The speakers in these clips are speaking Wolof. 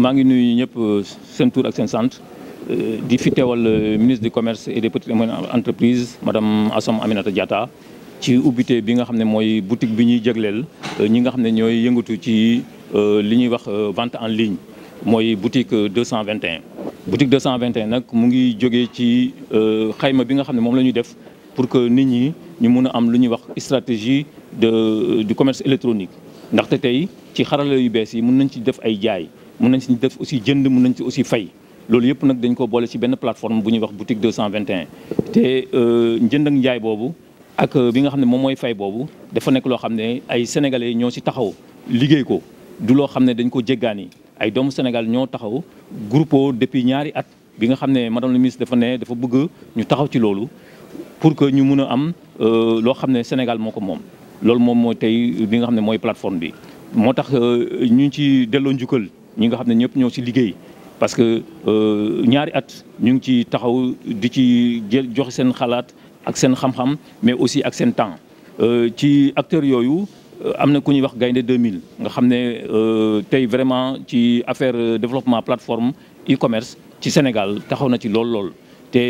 maa ngi nuyu ñëpp euh, seen tur ak seen sant euh, di fi teewal euh, ministre du commerce et des petites et moyennes entreprises madame Assome Aminata Diatta ci ubbite bi nga xam ne mooy boutique bi ñuy jagleel ñi nga xam ne ñooy yëngatu ci li ñuy wax vente en ligne mooy boutique 221. boutique 221 nag mu ngi jóge ci xayma bi nga xam ne moom la ñuy def pour que nit ñi ñu mun a am lu ñuy wax stratégie de du commerce électronique ndaxte tey ci xarala yu bees yi mun nañ ci def ay jaay. mun nañ si def aussi jënd mun nañ si aussi fay loolu yëpp nag dañ ko boole si benn plateforme bu ñuy wax boutique 221 te euh, njënd ak njaay boobu ak euh, bi nga xam ne moom mooy fay boobu dafa nekk loo xam ne ay sénégalais ñoo si taxaw liggéey ko du loo xam ne dañ ko jéggaani ay doomu Sénégal ñoo taxaw groupe depuis ñaari at bi nga xam ne madame la ministre dafa ne dafa bëgg ñu taxaw ci loolu pour que ñu mun a am euh, loo xam ne Sénégal moo ko moom loolu moom moo tey bi nga xam ne mooy plateforme bi moo tax ñu ci delloo njukkal ñi nga xam ne ñëpp ñoo ci liggéey parce que euh, ñaari at ñu ngi ci taxaw di ci jël joxe seen xalaat ak seen xam-xam mais aussi ak seen temps euh, ci acteur yooyu euh, am na ku ñuy wax gaynde 2000 nga xam ne tey vraiment ci affaire développement plateforme e-commerce ci Sénégal taxaw na ci lool lool. te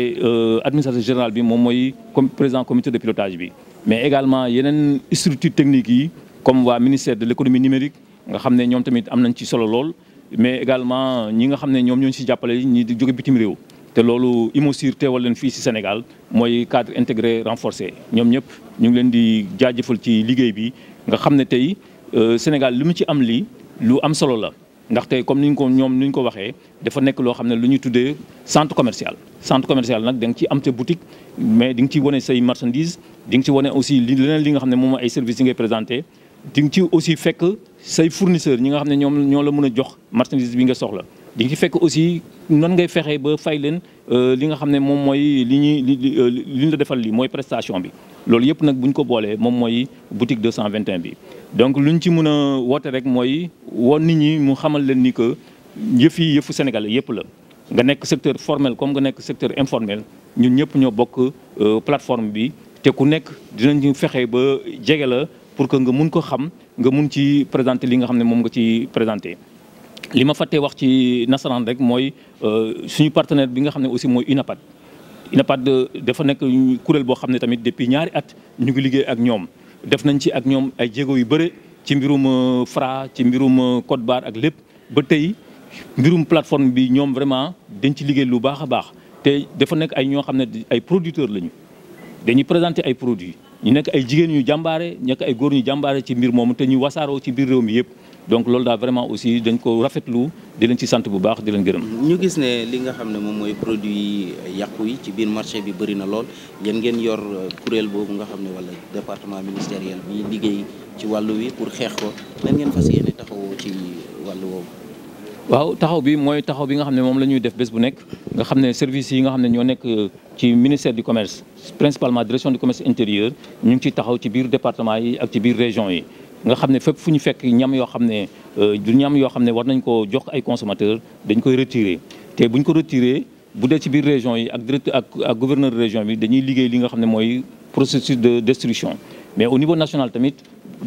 administrateur général bi moom mooy comme président comité de pilotage bi mais également yeneen structure technique yi comme waa ministère de l'économie numérique nga xam ne ñoom tamit am nañ ci solo lool. mais également ñi nga xam ne ñoom ñoo si jàppale ñi di jóge bitim réew te loolu IMOSIR teewal leen fii si Sénégal mooy cadre intégré renforcé ñoom ñëpp ñu ngi leen di jaajëfal ci liggéey bi nga xam ne tey euh, Sénégal li mu ci am lii lu am solo la ndaxte comme ni ñu ko ñoom ni ñu ko waxee dafa nekk loo xam ne lu ñuy tuddee centre commercial. centre commercial nag da nga ci am te boutique mais di nga ci wane say marchandise di nga ci wane aussi li leneen li nga xam ne moom ay services yi ngay présenté. di nga ci aussi fekk say fournisseur ñi nga xam ne ñoom ñoo la mën a jox marchandise bi nga soxla di nga ci fekk aussi nan ngay fexee ba fay leen euh, li nga xam ne moom mooy li ñuy li euh, ñu la defal lii mooy prestation bi loolu yëpp nag bu ñu ko boolee moom mooy boutique 221 bi donc lu ñu ci mën a woote rek mooy woon nit ñi mu xamal leen ni que yëf yi yëfu Sénégal yëpp la nga nekk secteur formel comme nga nekk secteur informel ñun ñëpp ñoo bokk euh, plateforme bi te ku nekk dinañu fexe ba jege la pour que nga mun ko xam nga mun ci présenté li nga xam ne moom nga ci présenter. li ma fàttee wax ci nasaraan rek mooy euh, suñu partenaire bi nga xam ne aussi mooy UNAPAD UNAPAD euh, defa nekk kuréel boo xam ne tamit depuis ñaari at ñu ngi liggéey ak ñoom def nañ ci ak ñoom ay jéego yu bëre ci mbirum euh, Fra ci mbirum code barre ak lépp ba tey mbirum plateforme bi ñoom vraiment dañ ci liggéey lu baax a baax te dafa nekk ay ñoo xam ne ay producteurs lañu dañuy présenter ay produits. ñu nekk ay jigéen ñu jàmbaare nekk ay góor ñu jàmbaare ci mbir moom te ñu wasaaroo ci biir réew mi yëpp donc loolu daal vraiment aussi dañ ko rafetlu di leen ci sant bu baax di leen gërëm. ñu gis ne li nga xam ne moom mooy produit yàqu yi ci biir marché bi bëri na lool yéen ngeen yor euh, kuréel boobu nga xam ne wala département ministériel bi liggéey ci wàll wi pour xeex ko lan ngeen fas yéene taxawoo ci wàll woowu. waaw taxaw bi mooy taxaw bi nga xam ne moom la ñuy def bés bu nekk nga xam ne service yi nga xam ne ñoo nekk ci ministère du commerce principalement direction du commerce intérieur ñu ngi ciy taxaw ci biir département yi ak ci biir région yi nga xam ne fépp fu ñu fekk ñam yoo xam ne euh, du ñam yoo xam ne war nañ ko jox ay consommateurs dañ koy retirer te bu ñu ko retirer bu dee ci biir région yi ak direct ak ak gouverneur région bi dañuy liggéey li nga xam ne mooy processus de destruction mais au tamit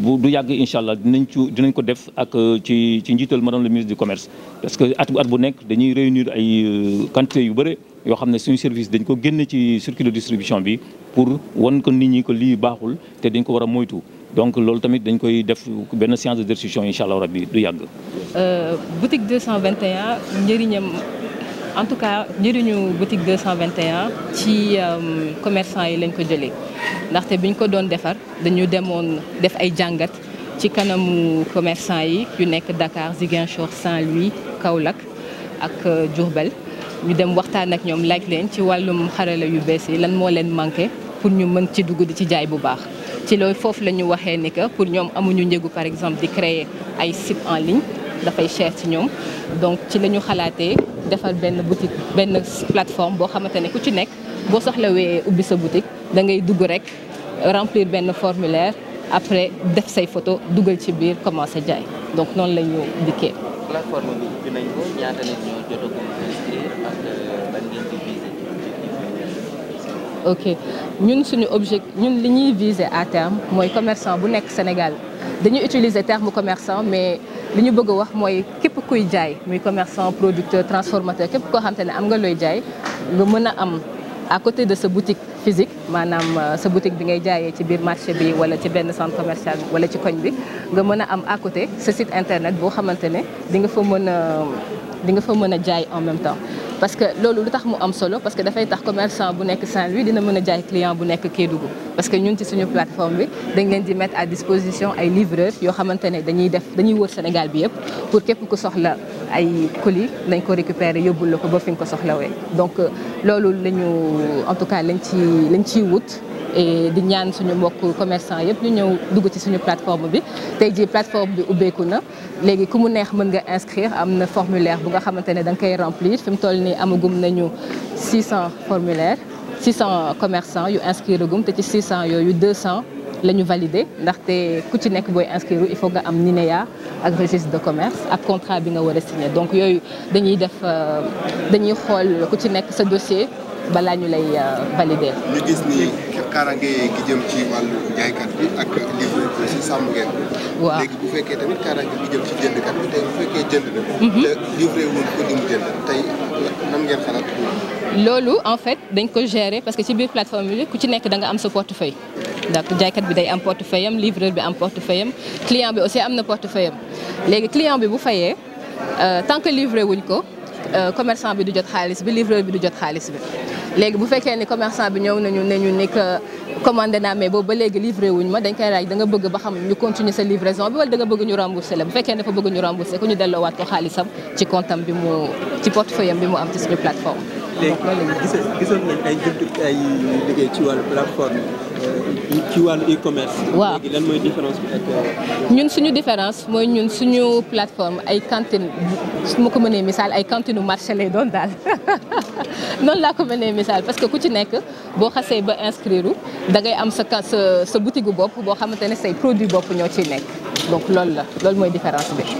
bu du yàgg incha allah dinañ ci ko def ak euh, ci njiital madame le ministre du commerce parce que at bu at bu nekk dañuy réunir ay euh, quantité yu bëre yoo xam ne suñu service dañ ko génne ci circuit de distribution bi pour wan ko nit ñi ko lii baaxul te dañ ko war a moytu donc loolu tamit dañ koy def benn séance de discussion incha allah rabbi du yàgg. Euh, boutique en tout cas njëriñu boutique 221 ci euh, commerçant yi lañ ko jëlee ndaxte biñ ko doon defar dañu demoon def ay jàngat ci kanamu commerçant yi yu nekk Dakar Ziguinchor Saint-Louis Kaolack ak euh, Diourbel ñu dem waxtaan ak ñoom laaj leen ci wàllum xarala yu bees yi lan moo leen manqué pour ñu mën ci dugg di ci jaay bu baax ci loolu foofu la ñu waxee ni que pour ñoom amuñu njëgu par exemple di créer ay site en ligne dafay cher ci ñoom donc ci la xalaatee defar benn boutique benn plateforme boo xamante ne ku ci nekk boo soxlawee ubbi sa boutique da ngay dugg rek remplir benn formulaire après def say photo dugal ci biir commencé jaay donc noonu la ñu euh, suñu objet ñun li ñuy viser à terme mooy commerçant bu nekk Sénégal dañuy utiliser terme commerçant mais. li ñu bëgg a wax mooy képp kuy jaay muy commerçant producteur transformateur képp koo xam te ne am nga looy jaay nga mën a am à côté de sa boutique physique maanaam euh, sa boutique bi ngay jaayee ci biir marché bi wala ci benn centre commercial wala ci koñ bi nga mën a am à côté sa site internet boo xamante ne di nga fa mën a di nga fa mën a jaay en même temps parce que loolu lu tax mu am solo parce que dafay tax commerçant bu nekk Saint-Louis dina mën a jaay client bu nekk Kédougou parce que ñun ci suñu plateforme bi dañ leen di mettre à disposition ay livreurs yoo xamante ne dañuy def dañuy wër Sénégal bi yëpp pour képp ku soxla ay colis dañ ko récupérer yóbbul la ko ba fi nga ko soxlawee donc euh, loolu la ñu en tout cas lañ ci lañ ciy wut e di ñaan suñu mbokk commerçant yëpp ñu ñëw dugg ci suñu plateforme bi tey jii plateforme bi ubbeeku na léegi ku mu neex mën nga inscrire am na formulaire bu nga xamante ne da nga koy remplir fi mu toll nii amagum nañu 600 formulaire 600 commerçants yu inscrire gum te ci 600 yooyu 200. la ñu validé ndaxte ku ci nekk booy inscrire il faut nga am NINEA ak registre de commerce ak contrat bi nga war a signé donc yooyu dañuy def euh, dañuy xool ku ci nekk sa dossier balaa ñu lay euh, validé. ñu gis ni kaaraange gi jëm ci wàllu jaaykat bi ak livre bi si sàmm ngeen. waaw léegi bu fekkee tamit kaaraange gi jëm ci jëndkat bi tey bu fekkee jënd na. Mhm. te livré wul ko li mu jënd tey nan ngeen xalaat. loolu en fait dañ ko gérer parce que ci biir plateforme bi ku ci nekk da nga am sa portefeuille. donc jaaykat bi day am portefeuille am livreur bi am portefeuille am client bi aussi am na portefeuille am léegi client bi bu fayee euh, tant que livré wuñ ko euh, commerçant bi du jot xaalis bi livreur bi du jot xaalis bi léegi bu fekkee ni commerçant bi ñëw nañu ne ñu ni que commandé naa mais boobu ba léegi livré wuñ ma dañ koy laaj da nga bëgg ba xam ñu continuer sa livraison bi wala da nga bëgg ñu remboursé la bu fekkee dafa bëgg ñu remboursé ko ñu delloowaat ko xaalisam ci compte am bi mu ci portefeuille am bi mu am ci suñu plateforme. gisoon nañ ay liggéey ci wàllu plateforme euh, ci wàllu e-commerce. Euh, ñun suñu différence mooy ñun suñu plateforme ay cantine su ma ko mënee misaal ay cantine marché lay doon daal noonu laa ko mënee misaal parce que ku ci nekk boo xasee ba inscrire da am sa sa sa boutique bopp boo xamante ne say produit bopp ñoo ciy nekk donc loolu la loolu mooy différence bi.